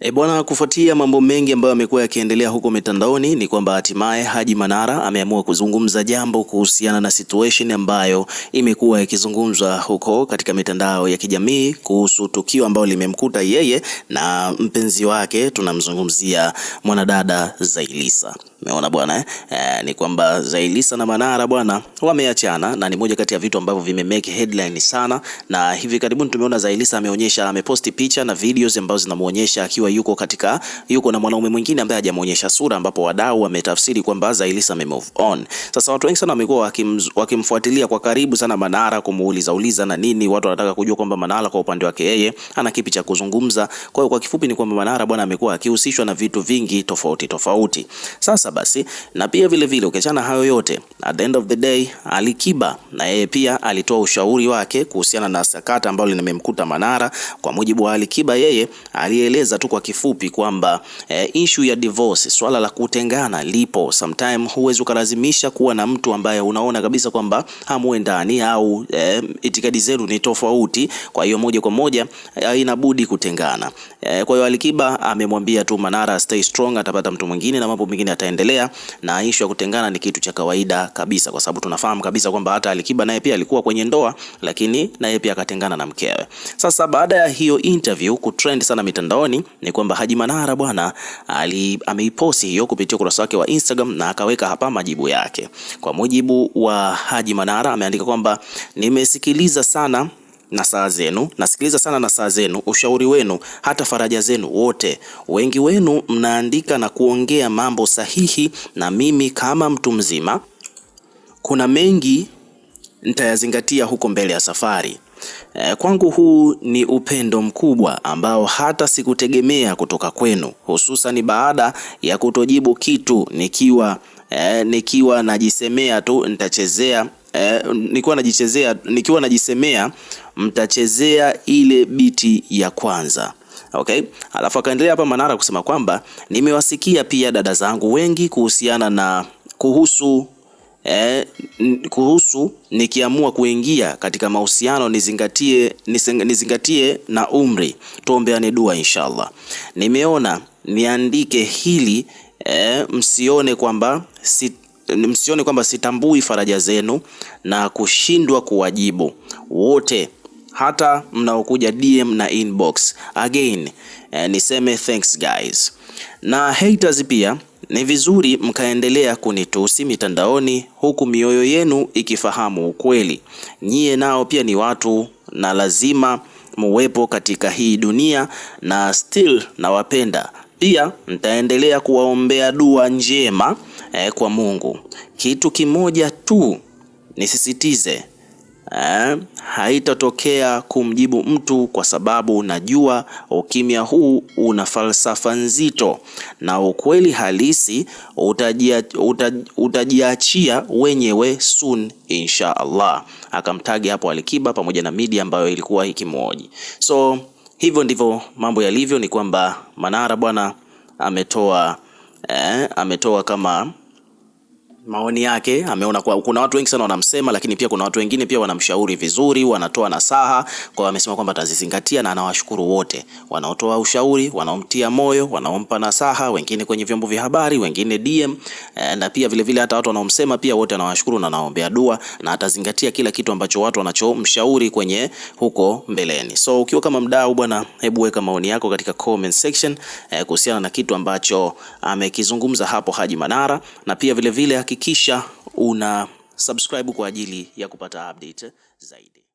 E bwana, kufuatia mambo mengi ambayo yamekuwa yakiendelea huko mitandaoni ni kwamba hatimaye Haji Manara ameamua kuzungumza jambo kuhusiana na situation ambayo imekuwa ikizungumzwa huko katika mitandao ya kijamii kuhusu tukio ambalo limemkuta yeye na mpenzi wake, tunamzungumzia mwanadada Zailisa. Umeona bwana eh? E, Ni kwamba Zailisa na Manara bwana wameachana na ni moja kati ya vitu ambavyo vimemake headline sana, na hivi karibuni tumeona Zailisa ameonyesha ameposti picha na videos ambazo zinamuonyesha akiwa akiwa yuko katika yuko na mwanaume mwingine ambaye hajamuonyesha sura, ambapo wadau wametafsiri kwamba Zailisa ame move on. Sasa watu wengi sana wamekuwa wakim, wakimfuatilia kwa karibu sana Manara kumuuliza uliza na nini. Watu wanataka kujua kwamba Manara kwa upande wake yeye ana kipi cha kuzungumza. Kwa hiyo kwa kifupi ni kwamba Manara bwana amekuwa akihusishwa na vitu vingi tofauti tofauti. Sasa basi, na pia vile vile ukiachana hayo yote, at the end of the day Alikiba na yeye pia alitoa ushauri wake kuhusiana na sakata ambalo limemkuta Manara. Kwa mujibu wa Alikiba, yeye alieleza tu kwa kifupi kwamba e, issue ya divorce, swala la kutengana lipo. Sometime huwezi ukalazimisha kuwa na mtu ambaye unaona kabisa kwamba hamuendani au e, itikadi zenu ni tofauti, kwa hiyo moja kwa moja e, eh, inabudi kutengana e, kwa hiyo Alikiba amemwambia tu Manara stay strong, atapata mtu mwingine na mambo mengine ataendelea, na issue ya kutengana ni kitu cha kawaida kabisa, kwa sababu tunafahamu kabisa kwamba hata Alikiba naye pia alikuwa kwenye ndoa, lakini naye pia akatengana na mkewe. Sasa baada ya hiyo interview kutrend sana mitandaoni ni kwamba Haji Manara bwana ameiposti hiyo kupitia ukurasa wake wa Instagram na akaweka hapa majibu yake. Kwa mujibu wa Haji Manara ameandika kwamba nimesikiliza sana na saa zenu nasikiliza sana na saa zenu, ushauri wenu, hata faraja zenu wote. Wengi wenu mnaandika na kuongea mambo sahihi, na mimi kama mtu mzima, kuna mengi nitayazingatia huko mbele ya safari. Eh, kwangu huu ni upendo mkubwa ambao hata sikutegemea kutoka kwenu, hususan baada ya kutojibu kitu nikiwa eh, nikiwa najisemea tu nitachezea eh, nikiwa najichezea nikiwa najisemea mtachezea ile biti ya kwanza. Okay, alafu akaendelea hapa Manara kusema kwamba nimewasikia pia dada zangu wengi kuhusiana na kuhusu eh, kuhusu nikiamua kuingia katika mahusiano nizingatie, nizingatie na umri. Tuombeane dua inshallah. Nimeona niandike hili eh, msione kwamba si msione kwamba sitambui faraja zenu na kushindwa kuwajibu wote, hata mnaokuja DM na inbox again. Eh, niseme thanks guys na haters pia ni vizuri mkaendelea kunitusi mitandaoni huku mioyo yenu ikifahamu ukweli. Nyie nao pia ni watu na lazima muwepo katika hii dunia na still nawapenda. Pia nitaendelea kuwaombea dua njema eh, kwa Mungu. Kitu kimoja tu nisisitize eh, haitatokea kumjibu mtu kwa sababu najua ukimya huu una falsafa nzito na ukweli halisi utajia, utajiachia wenyewe soon insha Allah. Akamtagi hapo Alikiba pamoja na media ambayo ilikuwa ikimwoji. So hivyo ndivyo mambo yalivyo, ni kwamba Manara bwana ametoa eh, ametoa kama maoni yake ameona kwa, kuna watu wengi sana wanamsema, lakini pia kuna watu wengine pia wanamshauri vizuri, wanatoa nasaha kwa, amesema kwamba atazizingatia na anawashukuru wote wanaotoa ushauri, wanaomtia moyo, wanaompa nasaha, wengine kwenye vyombo vya habari, wengine DM eh, na pia vile vile hata watu wanaomsema pia wote anawashukuru na anaombea dua na atazingatia kila kitu ambacho watu wanachomshauri kwenye huko mbeleni. So ukiwa kama mdau bwana, hebu weka maoni yako katika comment section eh, kuhusiana na kitu ambacho amekizungumza hapo Haji Manara na pia vile vile haki hakikisha una subscribe kwa ajili ya kupata update zaidi.